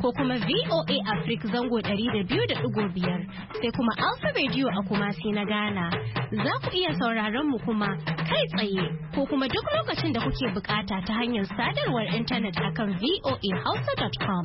ko kuma VOA Africa zango 200.5 sai kuma Alpha Radio a kuma sai na Ghana. Za ku iya sauraron mu kuma kai tsaye ko kuma duk lokacin da kuke bukata ta hanyar sadarwar intanet akan voahausa.com.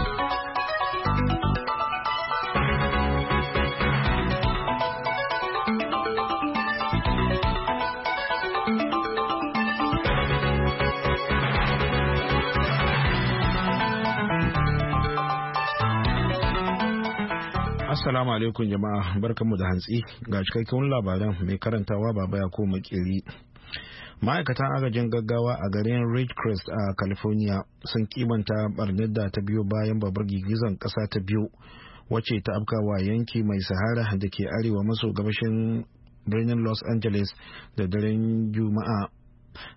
Assalamu alaikum jama'a barkanmu da hantsi ga cikakken labaran mai karantawa baba ya ko makiri. Ma'aikatan agajin gaggawa a garin Ridgecrest a California sun kimanta barnar da ta biyo bayan babbar girgizan kasa ta biyu wacce ta wa yanki mai sahara da ke arewa maso gabashin birnin Los Angeles da daren Juma'a.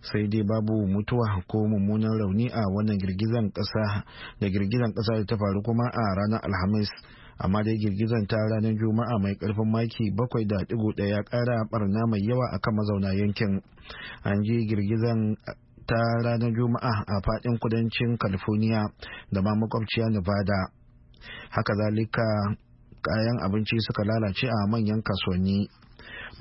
sai dai babu mutuwa ko mummunan rauni a wannan girgizan kasa da girgizan kasa da ta faru kuma a ranar Alhamis. amma dai girgizan ta ranar juma'a mai karfin maki bakwai da digo ya kara barna mai yawa a kan mazauna yankin an ji girgizan ta ranar juma'a a fadin kudancin california da ma makwabciya nevada haka zalika kayan abinci suka lalace a manyan kasuwanni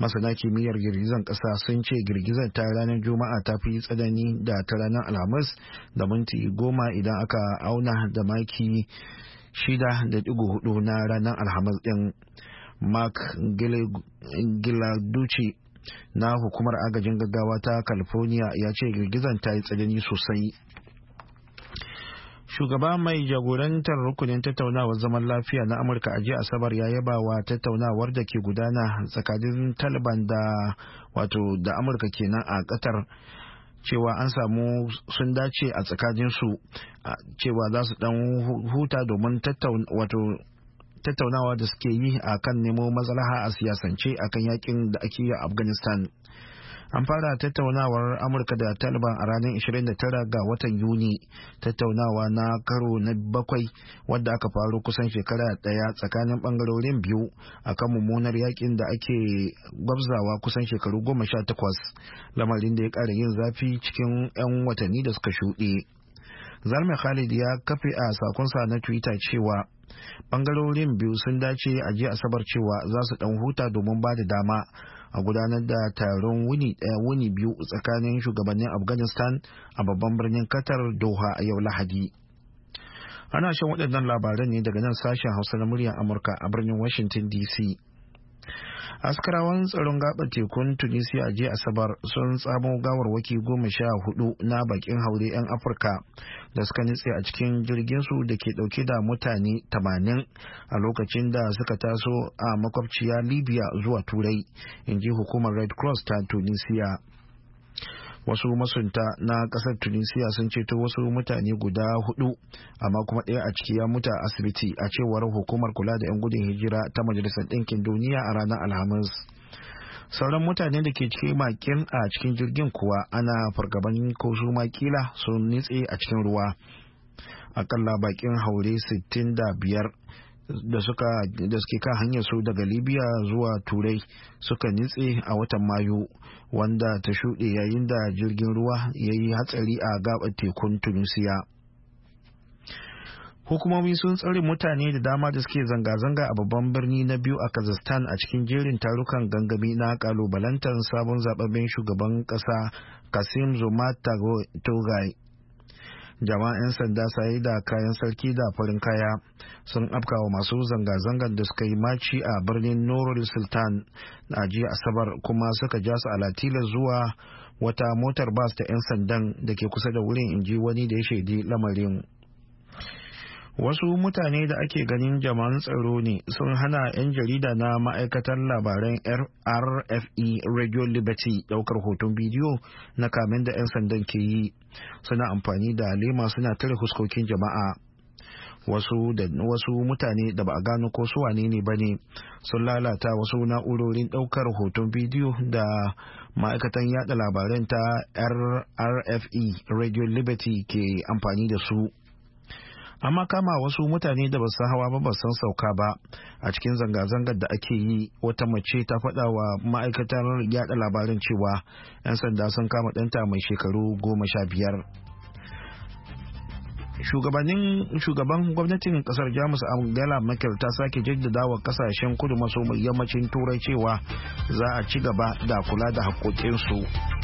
masana kimiyyar girgizan kasa sun ce girgizar ta ranar juma'a ta fi tsanani da ta ranar alhamis da minti goma idan aka auna da maki shida da digo hudu na ranar alhamis din mark gilarducci na hukumar agajin gaggawa ta california ya ce girgizan ta yi tsanani sosai shugaba mai jagorantar rukunin tattaunawar zaman lafiya na amurka a jiya asabar ya yaba wa tattaunawar da ke gudana tsakanin taliban da wato da amurka kenan a qatar cewa an samu sun dace a tsakaninsu cewa za su dan huta domin tattaunawa da suke yi a kan nemo maslaha a siyasance akan yakin da ake yi a afghanistan an fara tattaunawar amurka da taliban a ranar 29 ga watan yuni tattaunawa na karo na bakwai wadda aka faru kusan shekara daya tsakanin bangarorin biyu a kan mummunar yakin da ake gwabzawa kusan shekaru goma sha takwas lamarin da ya ƙara yin zafi cikin 'yan watanni da suka shuɗe zalmai khalid ya kafe a sakonsa na twitter cewa bangarorin biyu sun dace a jiya asabar cewa za su ɗan huta domin ba da dama a gudanar da taron wuni daya wuni biyu tsakanin shugabannin afghanistan a babban birnin qatar doha a yau lahadi ana shan waɗannan labaran ne daga nan sashen hausa na muryar amurka a birnin washington dc askarawan tsaron gaba tekun tunisia jiya asabar sun tsamo gawarwaki goma sha hudu na bakin haure 'yan afirka da suka nitse a cikin jirgin su da ke dauke da mutane 80 a lokacin da suka taso a makwabciya libya zuwa turai in ji hukumar red cross ta tunisia wasu masunta na kasar tunisia sun ceto wasu mutane guda hudu amma kuma ɗaya a ciki ya mutu a asibiti a cewar hukumar kula da 'yan gudun hijira ta majalisar ɗinkin duniya a ranar alhamis sauran mutane da ke cikin makin a cikin jirgin kuwa ana fargaban ko su makila sun nitse a cikin ruwa akalla bakin haure 65 da suka da suke kan hanyar su daga libya zuwa turai suka nitse a watan mayu wanda ta shuɗe yayin da jirgin ruwa ya yi hatsari a gaba tekun tunisiya. hukumomi sun tsare mutane da dama da suke zanga-zanga a babban birni na biyu a kazakhstan a cikin jerin tarukan gangami na kalubalantar sabon zababben shugaban kasa kasim zuma jama'an 'yan sanda saye da kayan sarki da farin kaya sun afkawa masu zanga-zangar da suka yi maci a birnin nurul sultan a jiya asabar kuma suka ja su alatila zuwa wata motar bas ta 'yan sandan da ke kusa da wurin inji wani da ya shaidi lamarin wasu mutane da ake ganin jama'an tsaro ne sun hana 'yan jarida na ma'aikatar labaran rfe radio liberty daukar hoton bidiyo na kamin da 'yan sandan ke yi suna amfani da lema suna tare huskokin jama'a wasu da wasu mutane da ba a gano ko su wane ne bane sun lalata wasu na'urorin daukar hoton bidiyo da ma'aikatan yada labaran ta rfe radio liberty ke amfani da su amma kama wasu mutane da basu hawa ba basu sauka ba a cikin zanga-zangar da ake yi wata mace ta faɗa wa ma'aikatar yada labarin cewa 'yan sanda sun kama ɗanta mai shekaru goma sha biyar shugaban gwamnatin kasar jamus angela merkel ta sake jaddada wa kasashen kudu maso yammacin turai cewa za a ci gaba da kula da haƙoƙinsu. su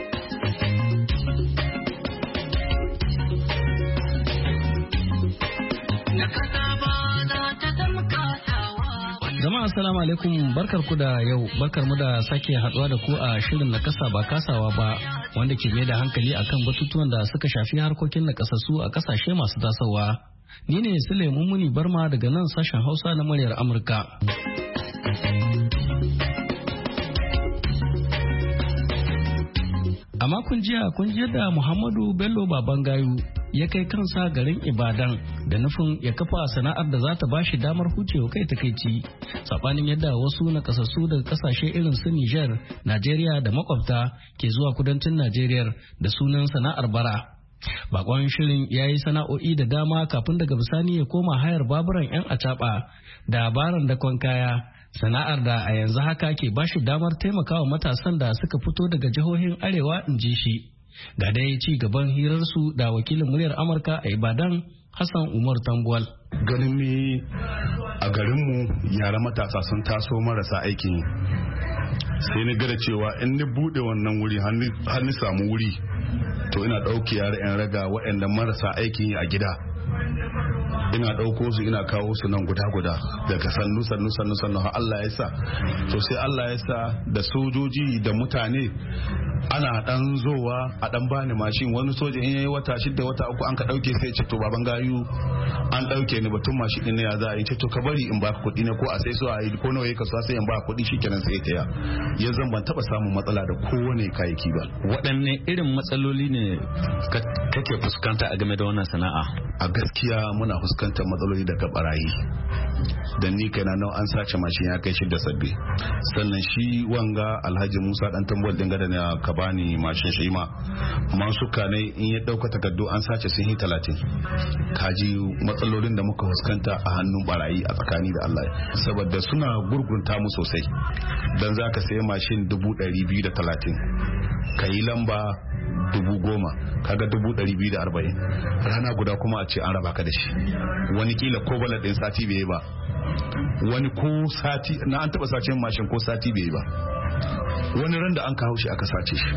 Jama'a assalamu alaikum barkar ku da yau barkar mu da sake haduwa da ku a shirin na kasa ba kasawa ba wanda ke mai da hankali akan batutuwan da suka shafi harkokin na kasassu a kasashe masu tasowa. Ni ne Sule Mummuni Barma daga nan sashen Hausa na muryar Amurka. A makon jiya kun da Muhammadu Bello Babangayu ya kai kansa garin ibadan da nufin ya kafa sana'ar da za ta ba shi damar hucewa kai ta takaici sabanin yadda wasu na kasassu daga kasashe irin su niger najeriya da makwabta ke zuwa kudancin najeriya da sunan sana'ar bara bakon shirin ya yi sana'o'i da dama kafin daga bisani ya koma hayar baburan 'yan acaɓa da baran da kaya sana'ar da a yanzu haka ke bashi damar taimakawa matasan da suka fito daga jihohin arewa in ji shi Ga dai ci gaban hirarsu da wakilin muryar Amurka a Ibadan Hassan Umar Tambuwal. Ganin mi a garinmu yara matasa sun taso marasa aikin sai ni gada cewa in ni bude wannan wuri har ni samu wuri to ina ɗauke yara 'yan raga waɗanda marasa aikin yi a gida. ina ɗauko su ina kawo su nan guda guda daga sannu sannu sannu sannu har Allah ya sa to sai Allah ya sa da sojoji da mutane ana dan zowa a dan bani mashin wani soja in yayi wata shida wata uku an ka dauke sai ce to baban gayu an dauke ni batun mashin din ya za a yi ce to ka bari in baka kuɗi ne ko a sai so a yi ko nawa yake so sai in baka kuɗi shikenan sai ta ya yanzu ban taba samun matsala da kowane kayayyaki ba waɗanne irin matsaloli ne kake fuskanta a game da wannan sana'a a gaskiya muna fuskanta fuskantar matsaloli daga barayi dan ni na nan an sace mashin ya kai shidda sabbi sannan shi wanga alhaji musa dan tambol din gada na kabani mashin shi ma masu kane in ya dauka takardu an sace sun yi talatin kaji matsalolin da muka fuskanta a hannun barayi a tsakani da allah saboda suna gurgunta mu sosai dan ka sayi mashin dubu ɗari biyu da talatin ka yi lamba dubu goma kaga dubu ɗari biyu da arba'in rana guda kuma a ce an raba ka da shi wani kila ko bala ɗin sati bai ba wani ko sati na an taɓa sace mashin ko sati bai ba wani ran da an kawo shi aka sace shi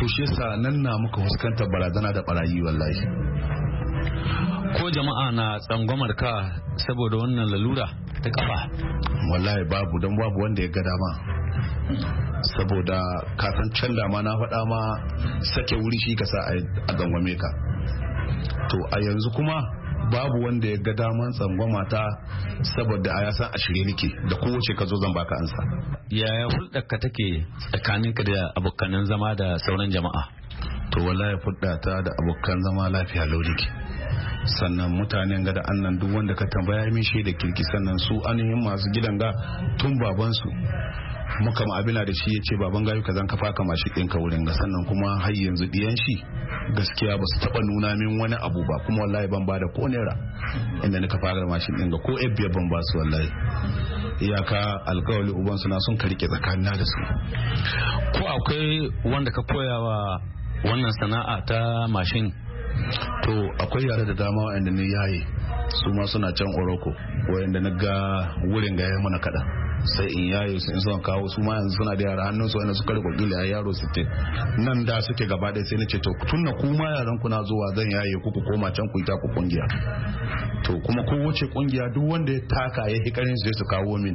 to shi yasa nan na muka fuskantar barazana da barayi wallahi ko jama'a na tsangwamar ka saboda wannan lalura ta kafa wallahi babu don babu wanda ya ga dama saboda kafin can dama na faɗa ma sake wuri shi ka sa a gangwame ka to a yanzu kuma babu wanda ya ga daman tsangwama ta saboda a yasan a shirye nake da kowace ka zo zan baka ansa yaya hulɗar ka take tsakaninka da abokanin zama da sauran jama'a to wallahi hulɗa ta da abokan zama lafiya lau sannan mutanen gada annan duk wanda ka tambaya min shi da kirki sannan su ainihin masu gidan ga tun babansu muka abina da shi ya ce baban gayu ka zan kafa mashi ɗin ɗinka wurin ga sannan kuma har yanzu ɗiyan shi gaskiya ba su taɓa nuna min wani abu ba kuma wallahi ban ba da ko naira inda nika fara mashin ɗin ga ko ebbe ban ba su wallahi iyaka alkawali uban suna sun karike tsakanin da su ko akwai wanda ka koya wa wannan sana'a ta mashin to akwai yare da dama wa'anda ni yaye su ma suna can oroko wa'anda na ga wurin ga ya mana kaɗan sai in yayo sai in suna kawo su ma yanzu suna da yara hannun su wanda suka riko kila yaro 60 nan da suke gaba ɗaya sai na ce to tun na kuma yaran ku na zuwa zan yaye ku ku koma can ku yi ku kungiya to kuma ko wace kungiya duk wanda ya taka ya hikarin su su kawo min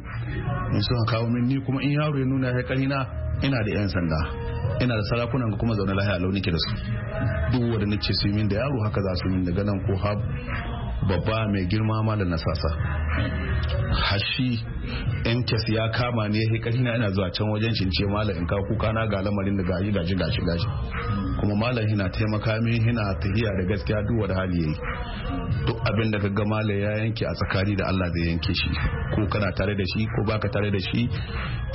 in suna kawo min ni kuma in yaro ya nuna hikari na ina da yan sanda ina da sarakunan kuma zaune lahiya launi ke da su duk wanda nace su min da yaro haka za su min daga nan ko hab babba mai girma malam na sasa hashi kes ya kama ne ya kai na yana zuwa can wajen cince malam in kawo kuka na ga lamarin da gaji gaji gaji gaji kuma malam hina taimaka min hina tahiya da gaskiya duk wani hali yayi duk abin da kaga malam ya yanke a tsakani da Allah zai yanke shi ko kana tare da shi ko baka tare da shi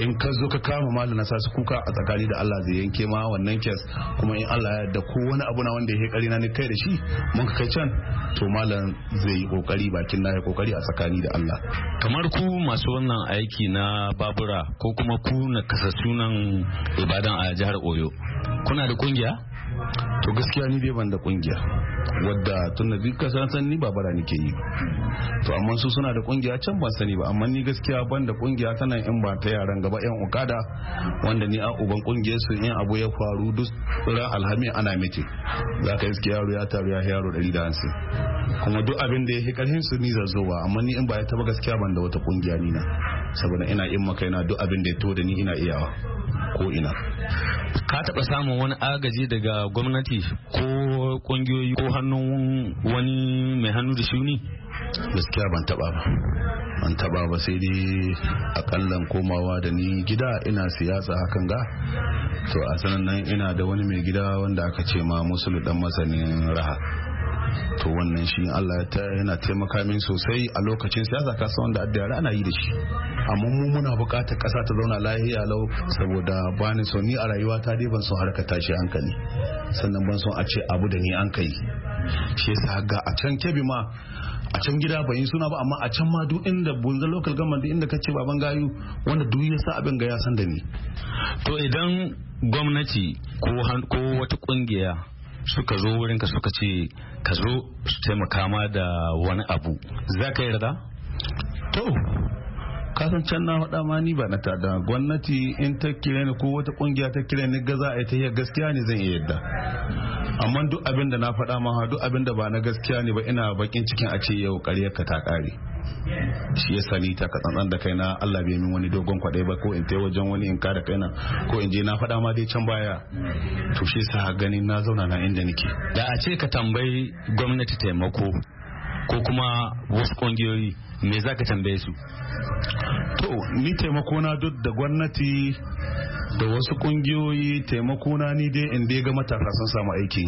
in ka zo ka kama malam na sasa kuka a tsakani da Allah zai yanke ma wannan kes kuma in Allah ya da ko wani abu na wanda ya hekari na ni kai da shi mun kai can to malam zai yi kokari bakin na ya kokari a tsakani da Allah kamar ku masu wannan aiki na babura ko kuma ku na kasa sunan ibadan a jihar Oyo kuna da kungiya to gaskiya ni dai ban da kungiya wadda tun da duk ba bara nake yi to amma su suna da kungiya can ban sani ba amma ni gaskiya ban da kungiya tana in ba ta yaran gaba yan okada wanda ni a uban kungiya su in abu ya faru duk tsira alhami ana miti za ka iske yaro ya taru ya yaro da hansu kuma duk abin da ya fi karhin su ni zazzowa amma ni in ba ya taba gaskiya ban da wata kungiya ni saboda ina in maka yana duk abin da ya to da ni ina iyawa ko'ina ka taɓa samun wani agaji daga gwamnati ko ƙungiyoyi ko hannun wani mai hannu da shuni gaskiya ban taɓa ba ban taɓa ba sai dai akalla komawa da ni gida ina siyasa hakan ga to a sanan ina da wani mai gida wanda aka ce ma musulun dan masanin raha to wannan shi Allah ta yana taimaka min sosai a lokacin siyasa ka san wanda addara ana yi da shi amma mu muna buƙatar ƙasa ta zauna lahiya lau saboda ba ni so ni a rayuwa ta dai ban son harka tashi hankali sannan ban son a ce abu da ni an kai shi yasa ga a can kebi ma a can gida ba yin suna ba amma a can ma duk inda bunza local government inda kace baban gayu wanda duk ya sa abin ga ya san da ni to idan gwamnati ko wata kungiya suka zo wurinka suka ce ka zo su taimaka ma da wani abu za ka yarda? to kasan can na faɗa ma ni ba na tada gwamnati in ta kire ni ko wata kungiya ta kire ni gaza a yi ta gaskiya ne zan iya yadda amma duk abin da na faɗa ma duk abin da ba na gaskiya ne ba ina bakin cikin a ce yau ƙaryar ka ta ƙare shi ya sani ta katsantsan da kaina Allah bai min wani dogon kwadai ba ko in tai wajen wani in kada kaina ko in je na faɗa ma dai can baya to shi sa ganin na zauna na inda nake da a ce ka tambayi gwamnati taimako ko kuma wasu kungiyoyi me za ka tambaye su to ni taimako na duk da gwamnati da wasu kungiyoyi taimako na ni dai in dai ga matasa sun samu aiki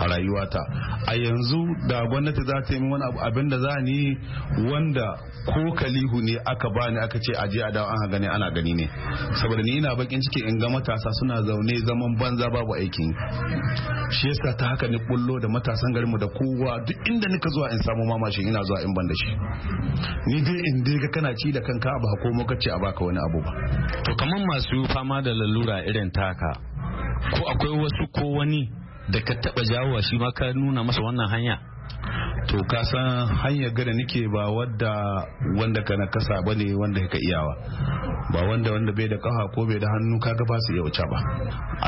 a rayuwata a yanzu da gwamnati za ta yi wani abin da za ni wanda ko kalihu ne aka bani aka ce aje a dawo an gani ana gani ne saboda ni ina bakin ciki in ga matasa suna zaune zaman banza babu aikin shi yasa ta haka ni bullo da matasan garin mu da kowa duk inda nika zuwa in samu mamashi ina zuwa in ban da shi ni dai in dai ga kana ci da kanka ba ko muka ce a baka wani abu ba to kaman masu masu fama da lalura irin taka ko akwai wasu ko wani da ka taba jawowa shi ma ka nuna masa wannan hanya to ka san hanyar gada nake ba wadda wanda ka na kasa ba ne wanda ka iyawa ba wanda wanda bai da kafa ko bai da hannu kaga ba su ba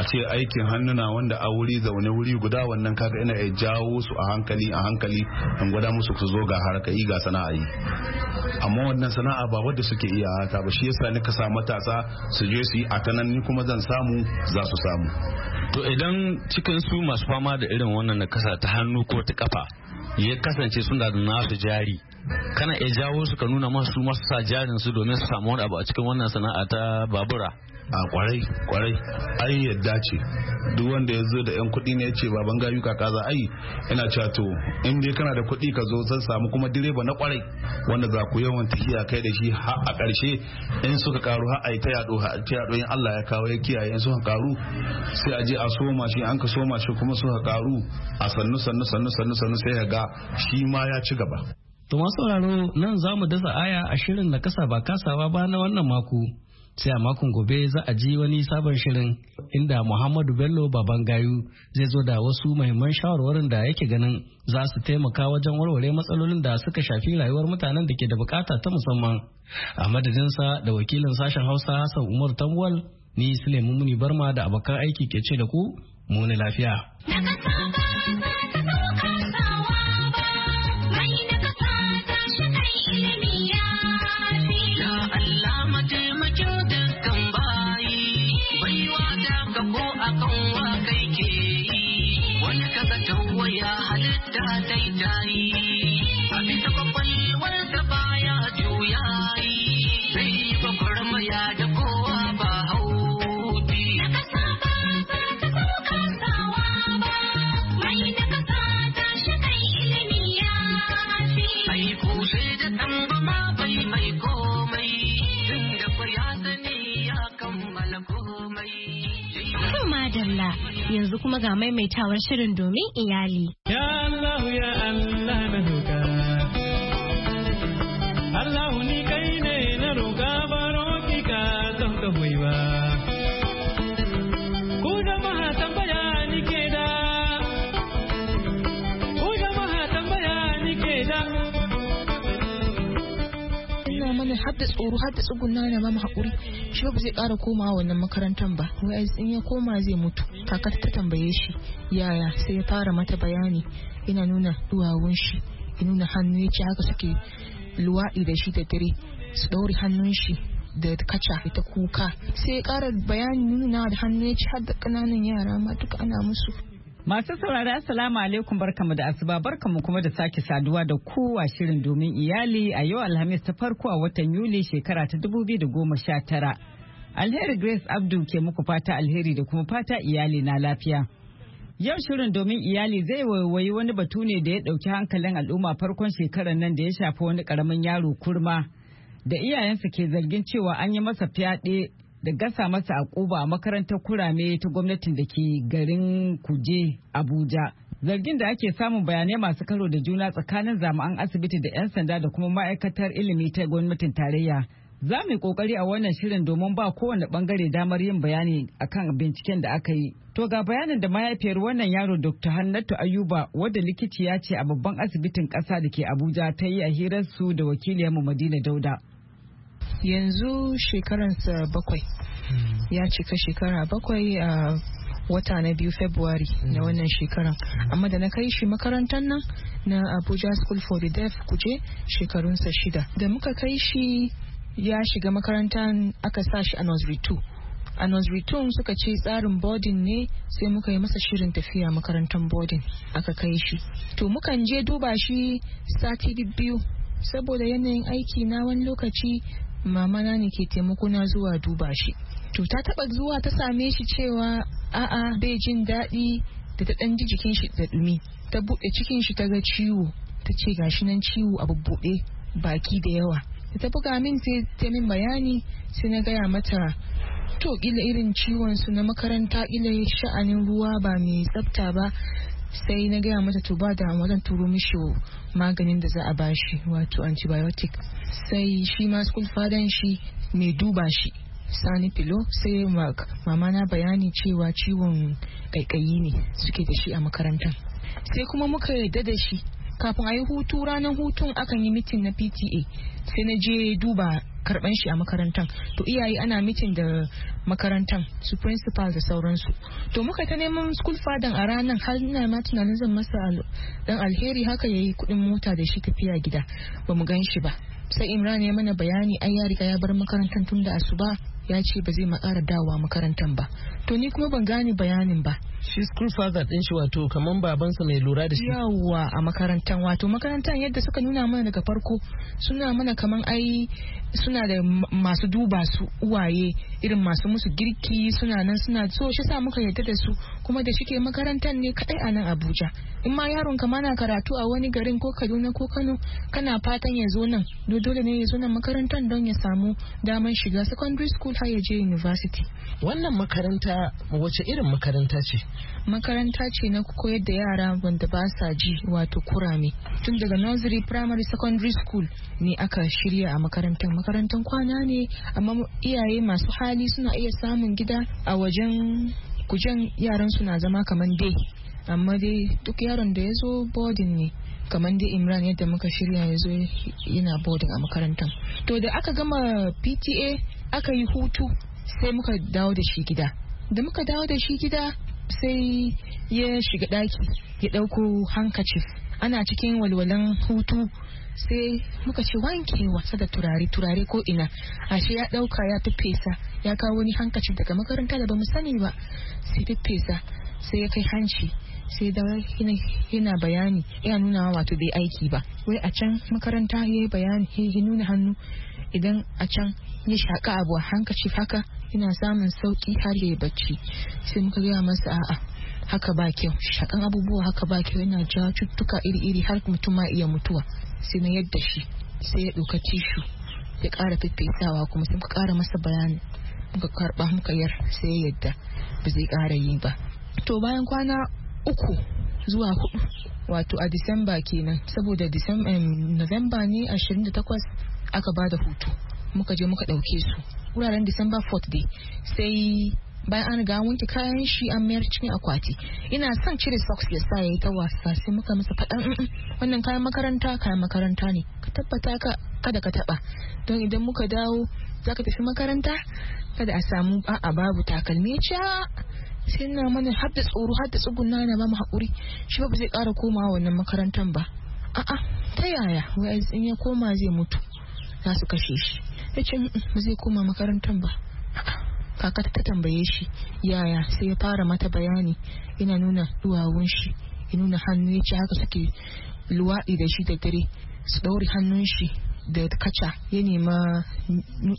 a ce aikin hannuna wanda a wuri zaune wuri guda wannan kaga ina ya jawo su a hankali a hankali in gwada musu su zo ga yi ga sana'a yi amma wannan sana'a ba wadda suke iya ta ba shi yasa nika sa matasa su je su yi a tanan ni kuma zan samu za su samu to idan cikin su masu fama da irin wannan na kasa ta hannu ko ta kafa ya kasance suna da nasu jari kana iya jawo su ka nuna masu masu sa jarin su domin su samu wani abu a cikin wannan sana'a ta babura a kwarai kwarai ai yadda ce duk wanda ya zo da yan kuɗi ne ya ce baban gayu kaka za ai ina cewa to in dai kana da kuɗi ka zo zan samu kuma direba na kwarai wanda za ku yawan tafiya kai da shi har a ƙarshe in suka karu har ai ta yaɗo ta yado in Allah ya kawo ya kiyaye in suka karu sai a je a soma shi an ka soma shi kuma suka karu a sannu sannu sannu sannu sannu sai ya ga shi ma ya ci gaba. To masu nan zamu mu dasa aya a shirin na kasa ba kasawa ba na wannan mako. sai a makon gobe za a ji wani sabon shirin inda muhammadu bello baban gayu zai zo da wasu mahimman shawarwarin da yake ganin za su taimaka wajen warware matsalolin da suka shafi rayuwar mutanen da ke da bukata ta musamman a madadinsa da wakilin sashen hausa hassan umar tambuwal ni suleiman muni barma da abokan aiki ke ce da ku muni lafiya kuma ga maimaitawar shirin domin iyali. Ya Allah ya Allah na roƙa. Allah ni kai ne na roƙa ba roƙi ka don ka hoyi ba. Ku jama'a tambaya ni ke da. Ku jama'a tambaya ni ke da. Ina mana hadda tsoro hadda tsuguna na mama haƙuri. Shi ba zai ƙara komawa wannan makarantar ba. Wai in ya koma zai mutu. kakar ta tambaye shi yaya sai ya fara mata bayani ina nuna duwawun shi ya nuna hannu ya ce haka suke luwaɗi da shi da dare su ɗauri hannun shi da kaca ta kuka sai ya ƙara bayani nuna da hannu ya ce har da ƙananan yara ma ana musu Masu saurari Assalamu alaikum barkamu da asuba barkamu kuma da sake saduwa da kowa shirin domin iyali a yau Alhamis ta farko a watan Yuli shekara ta 2019. Alheri Grace Abdul ke muku fata alheri da kuma fata iyali na lafiya. Yau shirin domin iyali zai waiwayi wani batu ne da ya ɗauki hankalin al'umma farkon shekarar nan da ya shafi wani ƙaramin yaro kurma da iyayensa ke zargin cewa an yi masa fyaɗe da gasa masa a ƙuba a makarantar kurame ta gwamnatin da ke garin Kuje Abuja. Zargin da ake samun bayanai masu karo da juna tsakanin zama'an asibiti da 'yan sanda da kuma ma'aikatar ilimi ta gwamnatin tarayya. Za mu yi kokari a wannan shirin domin ba kowane bangare damar yin bayani akan binciken da aka yi. To ga bayanin da mahaifiyar wannan yaro Dr. Hannatu Ayuba wadda likiciya ce a babban asibitin ƙasa da ke Abuja ta yi a hirarsu da wakiliyarmu Madina Dauda. Yanzu shekaransa bakwai. Hmm. Ya cika shekara bakwai a wata na biyu February hmm. na wannan shekaran. Hmm. Amma da na kai shi makarantar nan na Abuja School for the Deaf kuje shekarunsa shida. Da muka kai shi ya shiga makarantar aka sa shi a nursery 2 a nursery 2 suka ce tsarin boarding ne sai muka yi masa shirin tafiya makarantar boarding aka kai shi to mukan je duba shi sati biyu saboda yanayin aiki na wani lokaci mamana ne ke taimako na zuwa duba shi to ta taba zuwa ta same shi cewa a'a bai jin daɗi da ta ɗan ji jikin shi da ɗumi ta buɗe cikin shi ta ga ciwo ta ce gashi nan ciwo a bubbuɗe baki da yawa ta buga min sai ta min bayani sai na gaya mata to kila irin ciwon su na makaranta kila sha'anin ruwa ba mai tsafta ba sai na gaya mata to ba da wajen turo mishi maganin da za a bashi wato antibiotic sai shi ma school fadan shi mai duba shi sani filo sai mama na bayani cewa ciwon kaikayi ne suke da shi a makarantar sai kuma muka yarda da shi kafin a yi hutu ranar hutun akan yi mitin na pta sai na je duba karban shi a makarantar to iyaye ana mitin da makarantar su principal da sauransu to muka ta neman school fadan a ranar har ina ma tunanin zan masa dan alheri haka yayi kudin mota da shi tafiya gida ba mu gan shi ba sai imran ya mana bayani ai ya riga ya bar makarantar tun da asuba ya ce ba zai makara dawowa makarantar ba to ni kuma ban gane bayanin ba shi school father din shi wato kaman babansa mai lura da shi yawwa a makarantar wato makarantar yadda suka nuna mana daga farko suna mana kaman ai suna da masu duba su uwaye irin masu musu girki suna nan suna so shi sa muka yarda da su kuma da shike makarantar ne kadai a nan Abuja in ma yaron ka mana karatu a wani garin ko Kaduna ko Kano kana fatan ya zo nan dole ne ya zo nan makarantar don ya samu daman shiga secondary school har ya je university wannan makaranta wace irin makaranta ce makaranta ce na koyar da yara wanda ba sa ji wato kurame tun daga nursery primary secondary school ne aka shirya a makarantar makarantar kwana ne amma iyaye masu hali suna iya samun gida a wajen kujen yaran suna zama kamar dai amma dai duk yaron da ya zo boarding ne kamar dai imran yadda muka shirya ya zo yana boarding a makarantar to da aka gama pta aka yi hutu sai muka dawo da shi gida da muka dawo da shi gida sai ya shiga daki ya dauko hankacif ana cikin walwalan hutu sai muka ce wanke wasa da turare turare ko ina ashe ya dauka ya feffesa ya kawo wani hankacin daga makaranta da bamu sani ba sai feffesa sai ya kai hanci sai da yana bayani ya nuna wato bai aiki ba wai a can makaranta ya yi bayani ya nuna hannu idan a can ya shaka abu a hankaci haka ina samun sauki har ya bacci sai muka gaya masa a'a haka ba kyau shakan abubuwa haka ba kyau yana jawo cututtuka iri-iri har mutum ma iya mutuwa sai na yadda shi sai ya ɗauka tishu ya ƙara fiffesawa kuma sai muka ƙara masa bayani muka karba muka yar sai ya yadda ba zai ƙara yi ba to bayan kwana uku zuwa hudu wato a disamba kenan saboda novemba ne 28 aka ba da hutu muka je muka ɗauke su wuraren december 4th day sai bayan an riga wanke kayan shi an mayar cikin akwati ina son cire socks ya sa ya yi ta wasa sai muka masa faɗan mm, mm, wannan kayan makaranta kayan makaranta ne ka tabbata ka kada ka taba don idan muka dawo za ka tafi makaranta kada a samu a'a babu takalmi ya sai na mana har tsoro har da tsuguna na ba mu haƙuri shi ba zai ƙara komawa wannan makarantar ba a'a ta yaya wai in ya koma zai mutu za su kashe shi ya ce ba zai koma makarantar ba kaka ta tambaye shi yaya sai ya fara mata bayani ina nuna duwawun shi ya nuna hannu ya ce haka suke luwaɗi da shi da dare su ɗaure hannun shi da kaca ya nema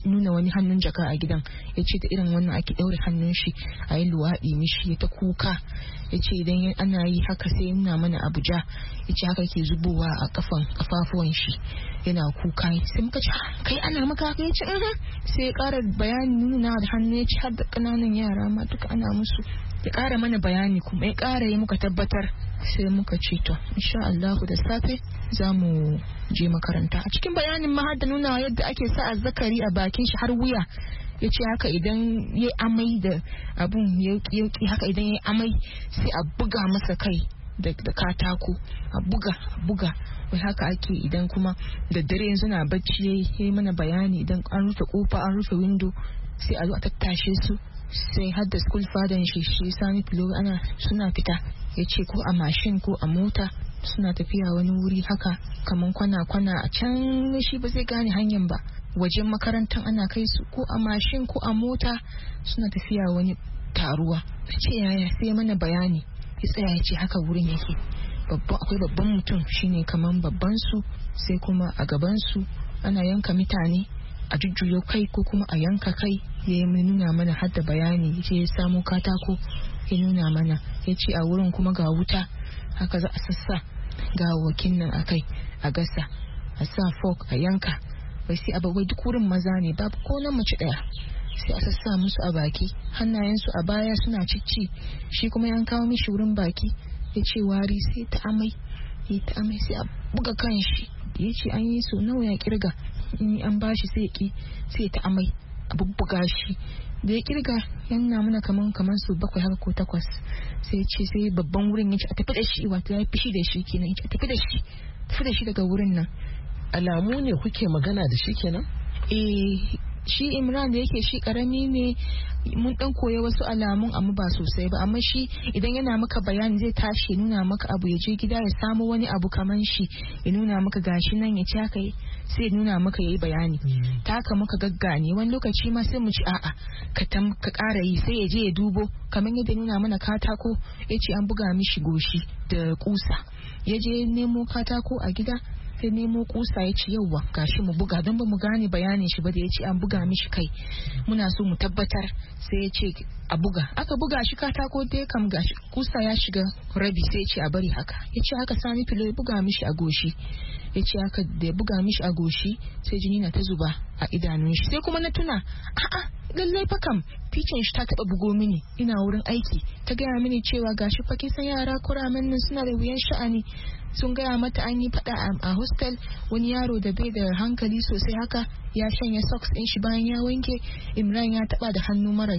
nuna wani hannun jaka a gidan ya ce ta irin wannan ake ɗaure hannun shi a yi luwaɗi mishi ya ta kuka ya ce idan ana yi haka sai nuna mana abuja ya ce haka ke zubowa a kafan kafafuwan shi yana kuka sai muka ce kai ana maka ya ce sai ya ƙara bayanin nuna da hannu ya ce har da ƙananan yara ma duka ana musu ya ƙara mana bayani kuma ya ƙara yi muka tabbatar sai muka ce to insha Allahu da safe za mu je makaranta a cikin bayanin ma da nuna yadda ake sa azzakari a bakin shi har wuya ya ce haka idan ya amai da abun yauki haka idan ya amai sai a buga masa kai da katako a buga buga wai haka ake idan kuma da dare yanzu na bacci ya yi mana bayani idan an rufe kofa an rufe windo sai a zo a tattashe su sai har da school fadan shi shi sami filo ana suna fita ya ce ko a mashin ko a mota suna tafiya wani wuri haka kamar kwana-kwana a can shi ba zai gane hanyar ba wajen makarantar ana kai su ko a mashin ko a mota suna tafiya wani taruwa ce yaya sai mana bayani ya tsaya ya ce haka wurin yake akwai babban mutum shine kamar babban su sai kuma a gaban su ana yanka mutane a jujjuyo kai ko kuma a yanka kai ya nuna mana hadda bayani ya ce ya samo katako ya nuna mana ya ce a wurin kuma ga wuta haka za a sassa ga wakin nan a kai a gasa a sa fork a yanka bai sai abubuwa duk wurin maza ne babu ko na mace daya sai a sassa musu a baki hannayensu a baya suna cicci shi kuma yan kawo mishi wurin baki ya ce wari sai ta amai ya ta amai sai a buga kan shi ya ce an yi so nawa ya kirga in an bashi sai ya sai ta amai a bubbuga shi da ya kirga yana mana kaman kaman su bakwai haka ko takwas sai ce sai babban wurin ya a tafi da shi wato ya fishi da shi kenan ya a tafi da shi tafi da shi daga wurin nan alamu ne kuke magana da shi kenan eh shi imran da yake shi karami ne mun dan koya wasu alamun amma ba sosai ba amma shi idan yana maka bayani zai tashi nuna maka abu ya je gida ya samu wani abu kaman shi ya nuna maka gashi nan ya ci haka sai nuna maka yayi bayani mm. Taka haka muka gaggane wani lokaci ma sai mu ci a'a ka tam ka kara yi sai ya je ya dubo kamar yadda nuna mana katako yace an buga mishi goshi da kusa ya je nemo katako a gida sai nemo kusa ya ce yauwa gashi mu buga don ba mu gane bayanin shi ba da ya ce an buga mishi kai muna so mu tabbatar sai ya ce a buga aka buga shi katako dai kam gashi kusa ya shiga rabi sai ya ce a bari haka ya ce haka sami filo ya buga mishi a goshi ya ce haka da ya buga mishi a goshi sai jini na ta zuba a idanun shi sai kuma na tuna a'a lallai fa kam ficin shi ta taba bugo mini ina wurin aiki ta gaya mini cewa gashi fa kin san yara kuramen nan suna da wuyan sha'ani sun gaya mata an yi fada a hostel wani yaro da bai da hankali sosai haka ya shanya socks din shi bayan ya wanke Imran ya taba da hannu mara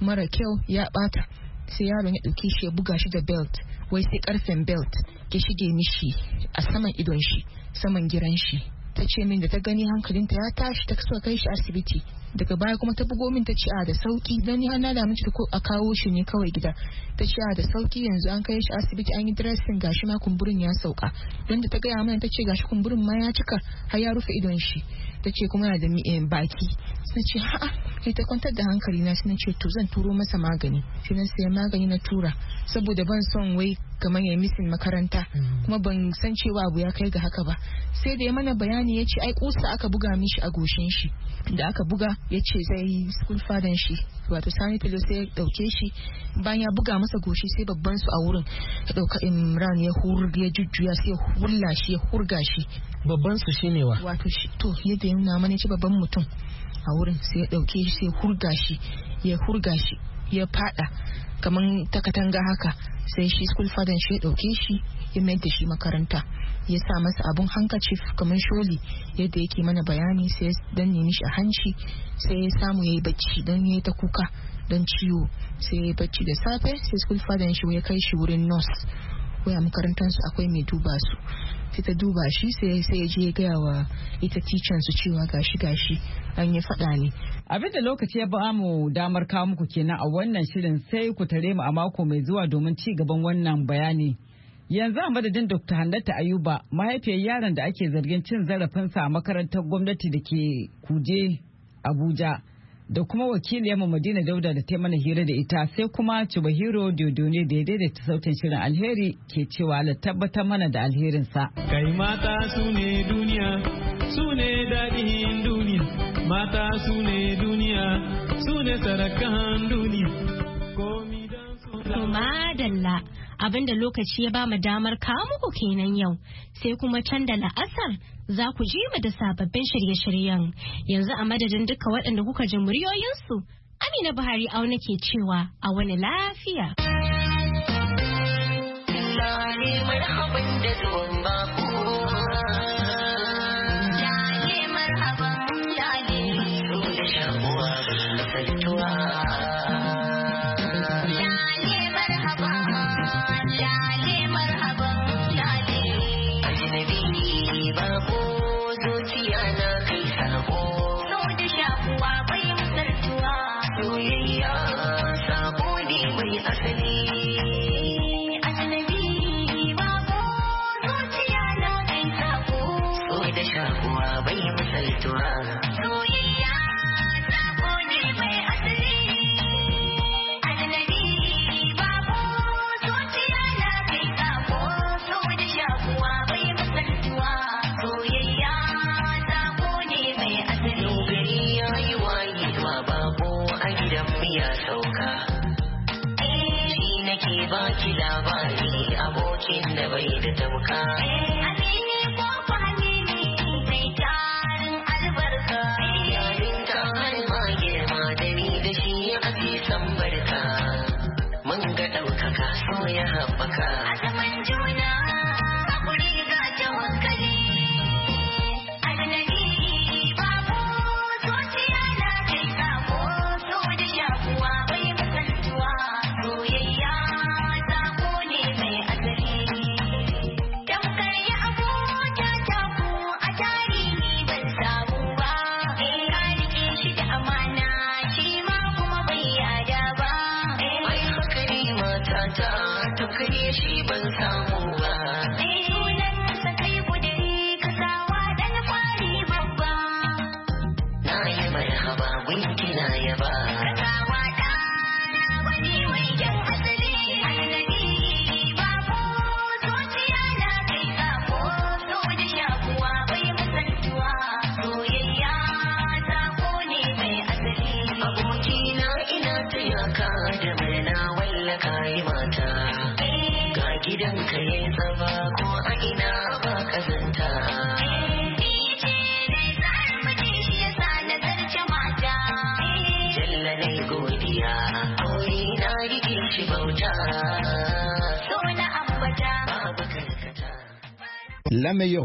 mara kyau ya bata sai yaron ya ɗauke shi ya buga shi da belt wai sai karfen belt ya shige mishi a saman idon shi saman giran shi ta ce min da ta gani hankalinta ya tashi ta kasuwa kai shi asibiti daga baya kuma ta bugo min ta ce a da sauki dan ni na da ko a kawo shi ne kawai gida ta ce a da sauki yanzu an kai shi asibiti an yi dressing gashi ma kumburin ya sauka dan da ta gaya mana ta ce gashi kumburin ma ya cika har ya rufe idon shi ta ce kuma na da eh, baki sun ce ha'a ke ta kwantar da hankali na sun ce to zan turo masa magani shi na sai magani na tura saboda ban son wai kamar ya misin makaranta mm. kuma ban san cewa abu ya kai ga haka ba sai da ya mana bayani ya ce ai kusa aka buga mishi a goshin shi da aka buga ya ce zai school fadan shi wato sani filo sai ya dauke shi bayan ya buga masa goshi sai babban su a wurin ya dauka imran ya hurga ya jujjuya sai ya hulla shi ya hurga shi babban su shine wa wato shi to yadda nuna mana ci babban mutum a wurin sai ya dauke shi sai hurga shi ya hurga shi ya fada kamar ta katanga haka sai shi school father shi ya dauke shi ya mayar da shi makaranta ya sa masa abun hankacif kamar sholi yadda yake mana bayani sai dan nemi shi a hanci sai ya samu yayi bacci dan yayi ta kuka don ciwo sai ya bacci da safe sai school father shi ya kai shi wurin nurse akwai a makarantar akwai mai duba su sai duba shi sai sai ya je ya gaya wa ita teacher su cewa gashi gashi an yi faɗa ne abin da lokaci ya ba mu damar kawo muku kenan a wannan shirin sai ku tare mu a mako mai zuwa domin ci gaban wannan bayani Yanzu a madadin Dr. Hannatu Ayuba mahaifiyar yaron da ake zargin cin zarafinsa a makarantar gwamnati da ke kuje Abuja. da kuma wakiliyar mu Madina Dauda da ta mana hira da ita sai kuma Chubahiro Dodone da ta sautin shirin alheri ke cewa la tabbatar mana da alherinsa. Kai mata su ne duniya, su ne daɗin duniya, mata su ne duniya, su ne sarakan duniya. To madalla abinda lokaci ya ba mu damar kawo muku kenan yau sai kuma can da la'asar za ku ji mu da sababbin shirye-shiryen yanzu a madadin duka waɗanda kuka ji muryoyinsu Amina Buhari auna ke cewa a wani lafiya. Allah ne da zuwan ba. Duka ne shi ban samu ba လက်မလျော့